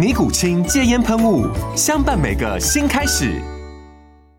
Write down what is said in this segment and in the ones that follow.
尼古清戒煙噴霧，相伴每個新開始。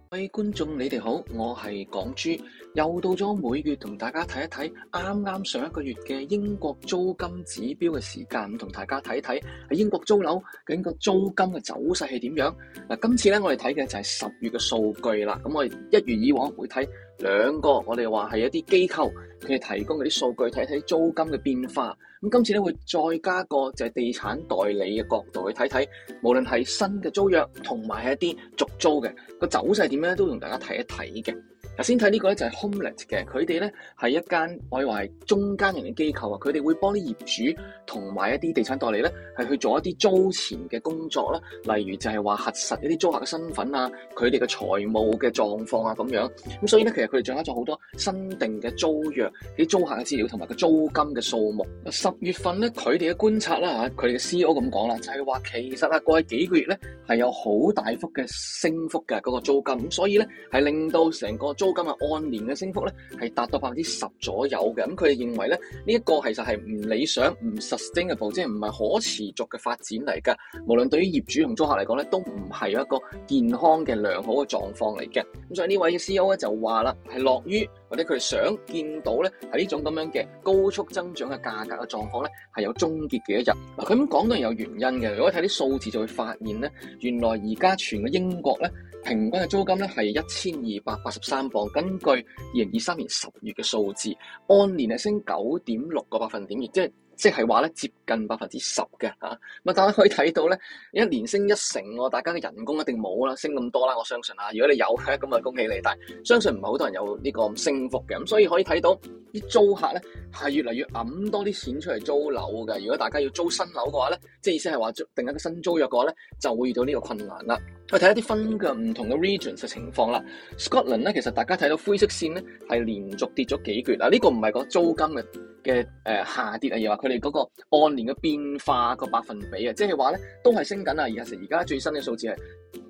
各位觀眾，你哋好，我係港豬。又到咗每月同大家睇一睇啱啱上一個月嘅英國租金指標嘅時間，同大家睇睇喺英國租樓嘅整個租金嘅走勢係點樣。嗱，今次咧我哋睇嘅就係十月嘅數據啦。咁我哋一如以往會睇兩個，我哋話係一啲機構佢哋提供嗰啲數據，睇一睇租金嘅變化。咁今次咧會再加個就係地產代理嘅角度去睇睇，無論係新嘅租約同埋係一啲續租嘅個走勢點樣，都同大家睇一睇嘅。嗱，先睇呢個咧就係 HomeLet 嘅，佢哋咧係一間我以為係中間人嘅機構啊，佢哋會幫啲業主同埋一啲地產代理咧係去做一啲租前嘅工作啦，例如就係話核實一啲租客嘅身份啊，佢哋嘅財務嘅狀況啊咁樣。咁所以咧，其實佢哋掌握咗好多新定嘅租約，啲租客嘅資料同埋個租金嘅數目。十月份咧，佢哋嘅觀察啦嚇，佢哋嘅 CEO 咁講啦，就係話其實啊過去幾個月咧係有好大幅嘅升幅嘅嗰個租金，咁所以咧係令到成個，租金啊，按年嘅升幅咧，係達到百分之十左右嘅。咁佢哋認為咧，呢一個其實係唔理想、唔 sustainable，即係唔係可持續嘅發展嚟嘅。無論對於業主同租客嚟講咧，都唔係一個健康嘅良好嘅狀況嚟嘅。咁所以呢位 CEO 咧就話啦，係樂於。或者佢哋想見到咧，係呢種咁樣嘅高速增長嘅價格嘅狀況咧，係有終結嘅一日。嗱，佢咁講到有原因嘅。如果睇啲數字就會發現咧，原來而家全個英國咧，平均嘅租金咧，係一千二百八十三磅，根據二零二三年十月嘅數字，按年係升九點六個百分點，亦即係。即係話咧，接近百分之十嘅。咁大家可以睇到咧，一年升一成，大家嘅人工一定冇啦，升咁多啦，我相信啊，如果你有嘅，咁、啊、咪恭喜你，但係相信唔係好多人有呢個升幅嘅，咁所以可以睇到啲租客咧係越嚟越揞多啲錢出嚟租樓嘅。如果大家要租新樓嘅話咧，即係意思係話定一個新租約嘅話咧，就會遇到呢個困難啦。去睇一啲分嘅唔同嘅 regions 嘅情況啦。Scotland 咧，其實大家睇到灰色線咧係連續跌咗幾月啦呢、呢個唔係個租金嘅嘅、呃、下跌啊，而係佢哋嗰個按年嘅變化個百分比啊，即係話咧都係升緊啊，而其實而家最新嘅數字係，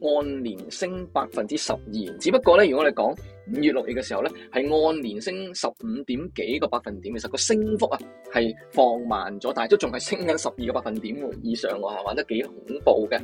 按年升百分之十二，只不過咧，如果我哋講五月六月嘅時候咧，係按年升十五點幾個百分點的時候，其實個升幅啊係放慢咗，但係都仲係升緊十二個百分點以上喎，係玩得幾恐怖嘅。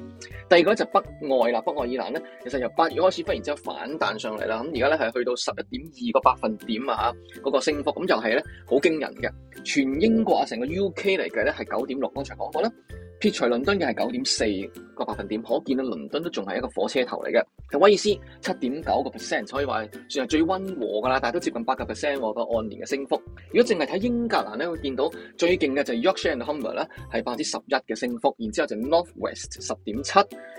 第二個咧就係北愛啦，北愛爾蘭咧，其實由八月開始忽然之間反彈上嚟啦，咁而家咧係去到十一點二個百分點啊，嗰個升幅咁就係咧好驚人嘅。全英國啊，成個 UK 嚟計咧係九點六，剛才講過啦。撇除倫敦嘅係九點四個百分點，可見到倫敦都仲係一個火車頭嚟嘅。係威爾斯七點九個 percent，所以話算係最温和噶啦，但係都接近八個 percent 個按年嘅升幅。如果淨係睇英格蘭咧，會見到最勁嘅就係 Yorkshire and Humber 咧係百分之十一嘅升幅，然之後就 North West 十點七，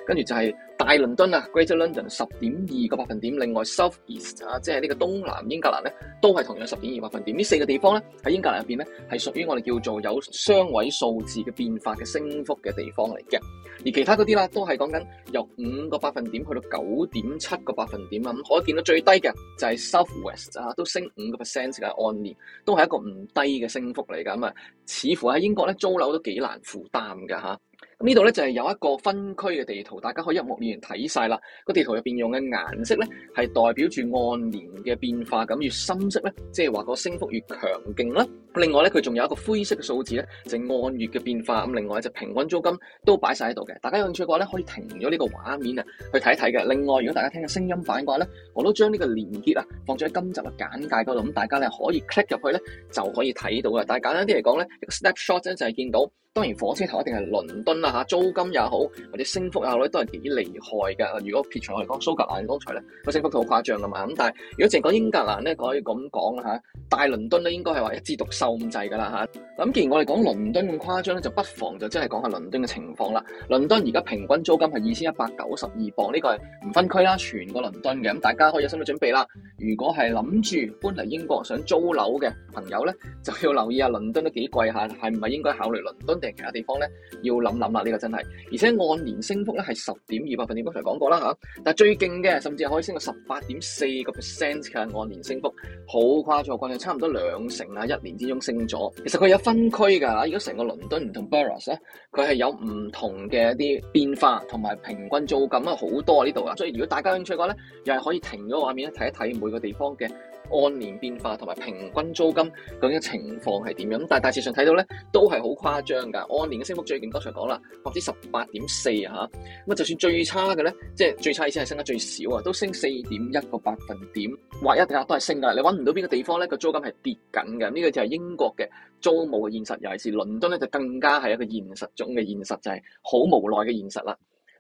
跟住就係、是。大倫敦啊，Greater London 十點二個百分點，另外 South East 啊，即係呢個東南英格蘭咧，都係同樣十點二百分點。呢四個地方咧喺英格蘭入邊咧，係屬於我哋叫做有雙位數字嘅變化嘅升幅嘅地方嚟嘅。而其他嗰啲啦，都係講緊由五個百分點去到九點七個百分點啊。咁、嗯、可以見到最低嘅就係 South West 啊，都升五個 percent 嘅按年，only, 都係一個唔低嘅升幅嚟㗎。咁、嗯、啊，似乎喺英國咧租樓都幾難負擔㗎嚇。咁呢度咧就係有一個分區嘅地圖，大家可以一目了然睇晒啦。個地圖入邊用嘅顏色咧係代表住按年嘅變化，咁越深色咧即係話個升幅越強勁啦。另外咧佢仲有一個灰色嘅數字咧就係按月嘅變化。咁另外呢就平均租金都擺晒喺度嘅。大家有興趣嘅話咧可以停咗呢個畫面啊去睇一睇嘅。另外如果大家聽嘅聲音版嘅話咧，我都將呢個鏈接啊放咗喺今集嘅簡介嗰度，咁大家咧可以 click 入去咧就可以睇到嘅。但係簡單啲嚟講咧，一個 snapshot 咧就係見到。當然，火車頭一定係倫敦啦嚇，租金也好或者升幅也好咧，都係幾厲害㗎。如果撇除我嚟講蘇格蘭，剛才咧個升幅都好誇張噶嘛。咁但係如果淨係講英格蘭咧，可以咁講嚇，大倫敦咧應該係話一枝獨秀咁滯㗎啦嚇。咁、啊、既然我哋講倫敦咁誇張咧，就不妨就真係講下倫敦嘅情況啦。倫敦而家平均租金係二千一百九十二磅，呢、這個係唔分區啦，全個倫敦嘅。咁大家可以有心理準備啦。如果係諗住搬嚟英國想租樓嘅朋友咧，就要留意下倫敦都幾貴下，係唔係應該考慮倫敦定？其他地方咧要諗諗啦，呢個真係，而且按年升幅咧係十點二百分點，你剛才講過啦吓。但係最勁嘅，甚至係可以升到十八點四個 percent 嘅按年升幅，好誇張，貴到差唔多兩成啦，一年之中升咗。其實佢有分區噶，如果成個倫敦唔同 boroughs 咧，佢係有唔同嘅一啲變化，同埋平均租金啊好多啊呢度啊。所以如果大家興趣嘅話咧，又係可以停咗個畫面咧，睇一睇每個地方嘅。按年變化同埋平均租金究竟嘅情況係點樣？但係大致上睇到咧，都係好誇張㗎。按年嘅升幅最勁，剛才講啦，百分之十八點四啊嚇。咁啊，就算最差嘅咧，即係最差嘅意思係升得最少啊，都升四點一個百分點，或一定啊都係升㗎。你揾唔到邊個地方咧個租金係跌緊㗎？呢、這個就係英國嘅租務嘅現實，尤其是倫敦咧就更加係一個現實中嘅現實，就係、是、好無奈嘅現實啦。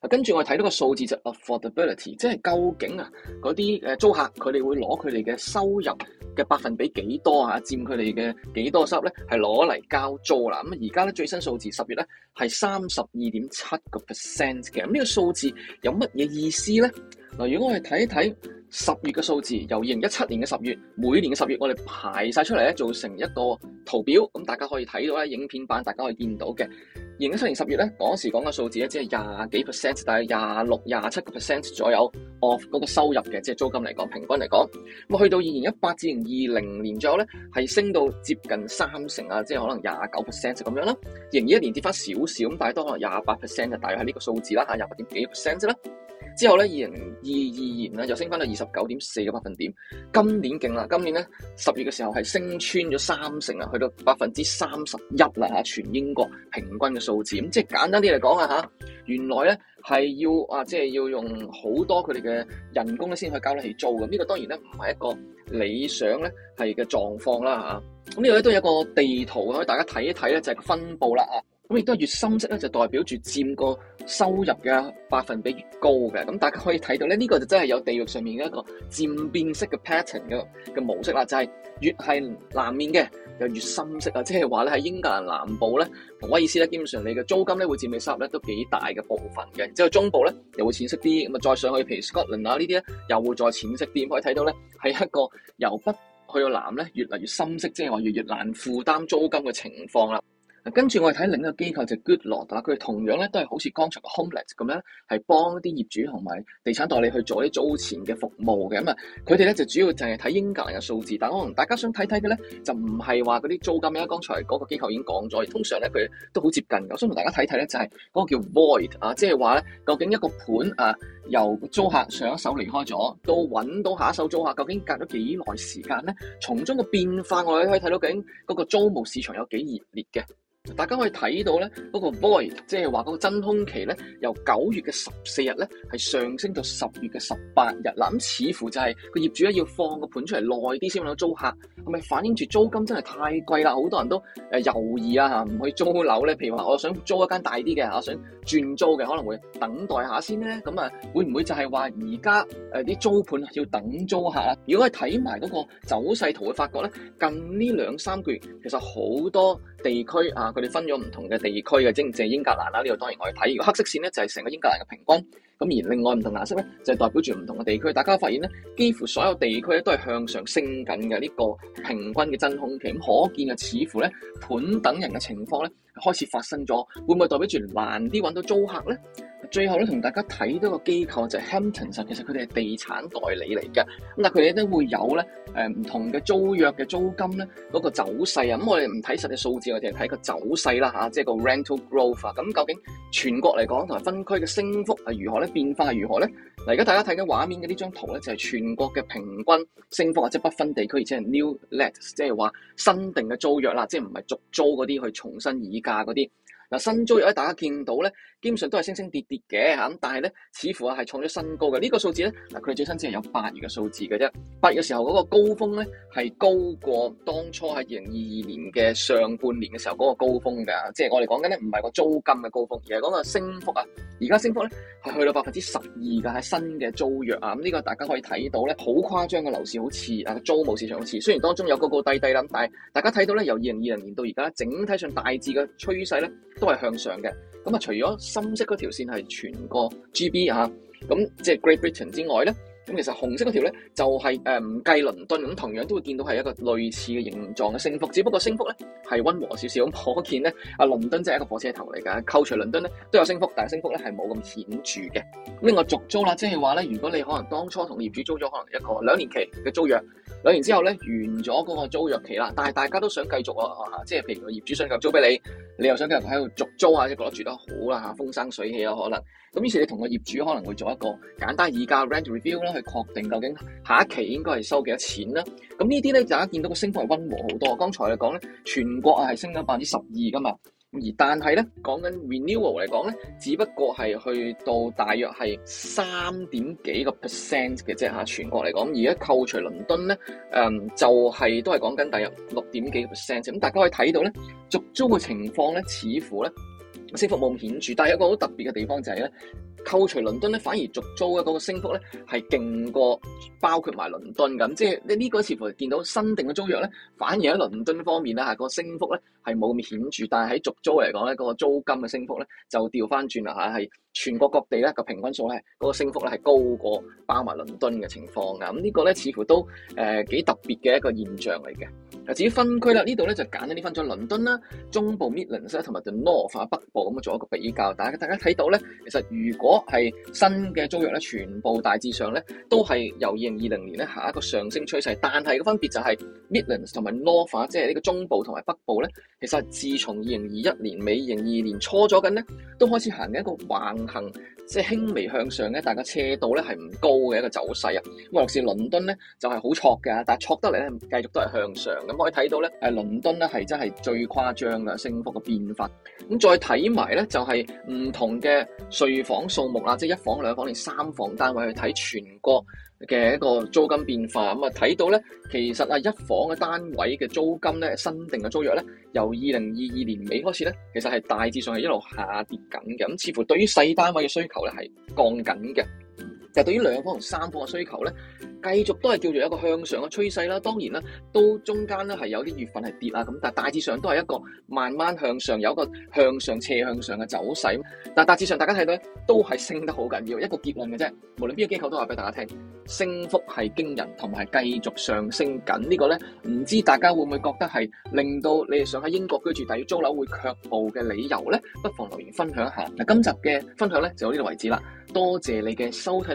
跟住我睇到個數字就 affordability，即係究竟啊嗰啲租客佢哋會攞佢哋嘅收入嘅百分比幾多啊？佔佢哋嘅幾多收入咧？係攞嚟交租啦。咁而家咧最新數字十月咧係三十二點七個 percent 嘅。咁呢個數字有乜嘢意思咧？嗱，如果我哋睇一睇十月嘅數字，由二零一七年嘅十月，每年嘅十月我，我哋排晒出嚟咧，做成一個圖表，咁大家可以睇到咧，影片版大家可以見到嘅。二零一七年十月咧，嗰時講嘅數字咧，只係廿幾 percent，大約廿六、廿七個 percent 左右。of 嗰個收入嘅，即係租金嚟講，平均嚟講，咁去到二零一八至二零年左右咧，係升到接近三成啊，即係可能廿九 percent 就咁樣啦。二零二一年跌翻少少，咁但係都可能廿八 percent 就大約係呢個數字啦，嚇廿八點幾 percent 啦。之後咧，二零二二年咧就升翻到二十九點四個百分點。今年勁啦！今年咧十月嘅時候係升穿咗三成啊，去到百分之三十一啦嚇，全英國平均嘅數字。咁即係簡單啲嚟講啊嚇，原來咧係要啊即係、就是、要用好多佢哋嘅人工咧先去以交得起租嘅。呢、這個當然咧唔係一個理想咧係嘅狀況啦嚇。咁呢度咧都有一個地圖可以大家睇一睇咧，就係、是、分佈啦啊。咁亦都係越深色咧，就代表住佔個收入嘅百分比越高嘅。咁大家可以睇到咧，呢、這個就真係有地域上面嘅一個漸變式嘅 pattern 嘅嘅模式啦。就係、是、越係南面嘅，就越深色啊。即係話咧，喺英格蘭南部咧，同威爾斯咧，基本上你嘅租金咧會佔你收入咧都幾大嘅部分嘅。之後中部咧又會淺色啲，咁啊再上去譬如 Scotland 啊呢啲咧又會再淺色啲。可以睇到咧係一個由北去到南咧越嚟越深色，即係話越越難負擔租金嘅情況啦。跟住我哋睇另一個機構就 Goodlord，佢同樣咧都係好似剛才 Homelet 咁樣，係幫啲業主同埋地產代理去做啲租錢嘅服務嘅咁啊，佢哋咧就主要就係睇英格蘭嘅數字，但可能大家想睇睇嘅咧就唔係話嗰啲租金啦，剛才嗰個機構已經講咗，通常咧佢都好接近嘅。我想同大家睇睇咧就係嗰個叫 Void 啊，即係話咧究竟一個盤啊由租客上一手離開咗，到揾到下一手租客，究竟隔咗幾耐時間咧？從中嘅變化我哋可以睇到，究竟嗰個租務市場有幾熱烈嘅。大家可以睇到咧，嗰個 void 即係話個真空期咧，由九月嘅十四日咧，係上升到十月嘅十八日啦。咁似乎就係個業主咧要放個盤出嚟耐啲先揾到租客，係咪反映住租金真係太貴啦？好多人都誒猶豫啊嚇唔去租樓咧。譬如話，我想租一間大啲嘅，我想轉租嘅，可能會等待下先咧。咁啊，會唔會就係話而家誒啲租盤要等租客？如果係睇埋嗰個走勢圖，會發覺咧，近呢兩三個月其實好多。地區啊，佢哋分咗唔同嘅地區嘅即係，英格蘭啦，呢、啊、度當然我要睇個黑色線咧就係、是、成個英格蘭嘅平均。咁而另外唔同顏色咧，就係、是、代表住唔同嘅地區。大家發現咧，幾乎所有地區咧都係向上升緊嘅呢個平均嘅真空期。咁可見啊，似乎咧盤等人嘅情況咧開始發生咗，會唔會代表住難啲揾到租客咧？最後咧，同大家睇到個機構就係 Hampton，其實佢哋係地產代理嚟嘅。咁但佢哋都會有咧誒唔同嘅租約嘅租金咧嗰、那個、走勢啊。咁、嗯、我哋唔睇實際數字，我哋睇個走勢啦吓、啊、即係個 rental growth 咁。究竟全國嚟講同埋分區嘅升幅係如何咧？變化如何呢？嗱，而家大家睇緊畫面嘅呢張圖呢，就係全國嘅平均升幅，或者不分地區，而且係 new let，即係話新訂嘅租約啦，即係唔係續租嗰啲去重新議價嗰啲。嗱，新租約咧，大家見到咧，基本上都係升升跌跌嘅嚇。但係咧，似乎啊係創咗新高嘅，這個、呢個數字咧。嗱，佢最新淨係有八月嘅數字嘅啫。八月嘅時候嗰個高峰咧係高過當初喺二零二二年嘅上半年嘅時候嗰個高峰嘅。即係我哋講緊咧，唔係個租金嘅高峰，而係講個升幅啊。而家升幅咧係去到百分之十二㗎喺新嘅租約啊。咁，這、呢個大家可以睇到咧，好誇張嘅樓市好似啊，租務市場好似雖然當中有高高低低啦，但係大家睇到咧，由二零二零年到而家，整體上大致嘅趨勢咧。都係向上嘅，咁除咗深色嗰條線係全個 GB 啊，咁即係 Great Britain 之外呢。咁其實紅色嗰條咧就係誒唔計倫敦，咁同樣都會見到係一個類似嘅形狀嘅升幅，只不過升幅咧係溫和少少。咁可見咧，啊倫敦即係一個火車頭嚟㗎。扣除倫敦咧都有升幅，但係升幅咧係冇咁顯著嘅。另外續租啦，即係話咧，如果你可能當初同業主租咗可能一個兩年期嘅租約，兩年之後咧完咗嗰個租約期啦，但係大家都想繼續啊，即係譬如個業主想繼續租俾你，你又想繼續喺度續租啊，即係覺得住得好啦嚇，風生水起啊。可能。咁於是你同個業主可能會做一個簡單議價 rent review 啦。確定究竟下一期應該係收幾多錢啦、啊。咁呢啲咧，大家見到個升幅係溫和好多。剛才嚟講咧，全國啊係升咗百分之十二㗎嘛，而但係咧講緊 renewal 嚟講咧，只不過係去到大約係三點幾個 percent 嘅啫嚇。全國嚟講，而家扣除倫敦咧，誒、嗯、就係、是、都係講緊大約六點幾個 percent。咁大家可以睇到咧，續租嘅情況咧，似乎咧升幅冇咁顯著，但係一個好特別嘅地方就係咧。扣除倫敦咧，反而續租咧嗰個升幅咧係勁過包括埋倫敦咁，即係呢呢個似乎見到新訂嘅租約咧，反而喺倫敦方面咧嚇、嗰個升幅咧係冇咁顯著，但係喺續租嚟講咧嗰個租金嘅升幅咧就調翻轉啦嚇，係全國各地咧個平均數咧嗰個升幅咧係高過包埋倫敦嘅情況㗎，咁、這、呢個咧似乎都誒幾、呃、特別嘅一個現象嚟嘅。至於分區啦，呢度咧就揀一啲分咗倫敦啦、中部 Midlands 啦同埋就 The North 北部咁樣做一個比較，大家大家睇到咧，其實如果我、哦、係新嘅租約咧，全部大致上咧都係由二零二零年咧下一個上升趨勢，但係個分別就係 Midlands 同埋 North，即係呢個中部同埋北部咧，其實係自從二零二一年尾、二零二年初咗緊咧，都開始行緊一個橫行，即係輕微向上嘅，但係個斜度咧係唔高嘅一個走勢啊。咁或是倫敦咧就係好挫嘅，但係挫得嚟咧繼續都係向上咁，可以睇到咧係倫敦咧係真係最誇張嘅升幅嘅變化。咁再睇埋咧就係、是、唔同嘅睡房。數目啦，即係一房、兩房定三房單位去睇全國嘅一個租金變化，咁啊睇到咧，其實啊一房嘅單位嘅租金咧，新定嘅租約咧，由二零二二年尾開始咧，其實係大致上係一路下跌緊嘅，咁、嗯、似乎對於細單位嘅需求咧係降緊嘅。就對於兩房同三房嘅需求咧，繼續都係叫做一個向上嘅趨勢啦。當然啦，到中間咧係有啲月份係跌啊咁，但大致上都係一個慢慢向上，有一個向上斜向上嘅走勢。但大致上大家睇到咧，都係升得好緊要，一個結論嘅啫。無論邊個機構都話俾大家聽，升幅係驚人，同埋係繼續上升緊。這個、呢個咧，唔知大家會唔會覺得係令到你哋想喺英國居住，但要租樓會卻步嘅理由咧？不妨留言分享下。嗱，今集嘅分享咧就到呢度為止啦。多謝你嘅收睇。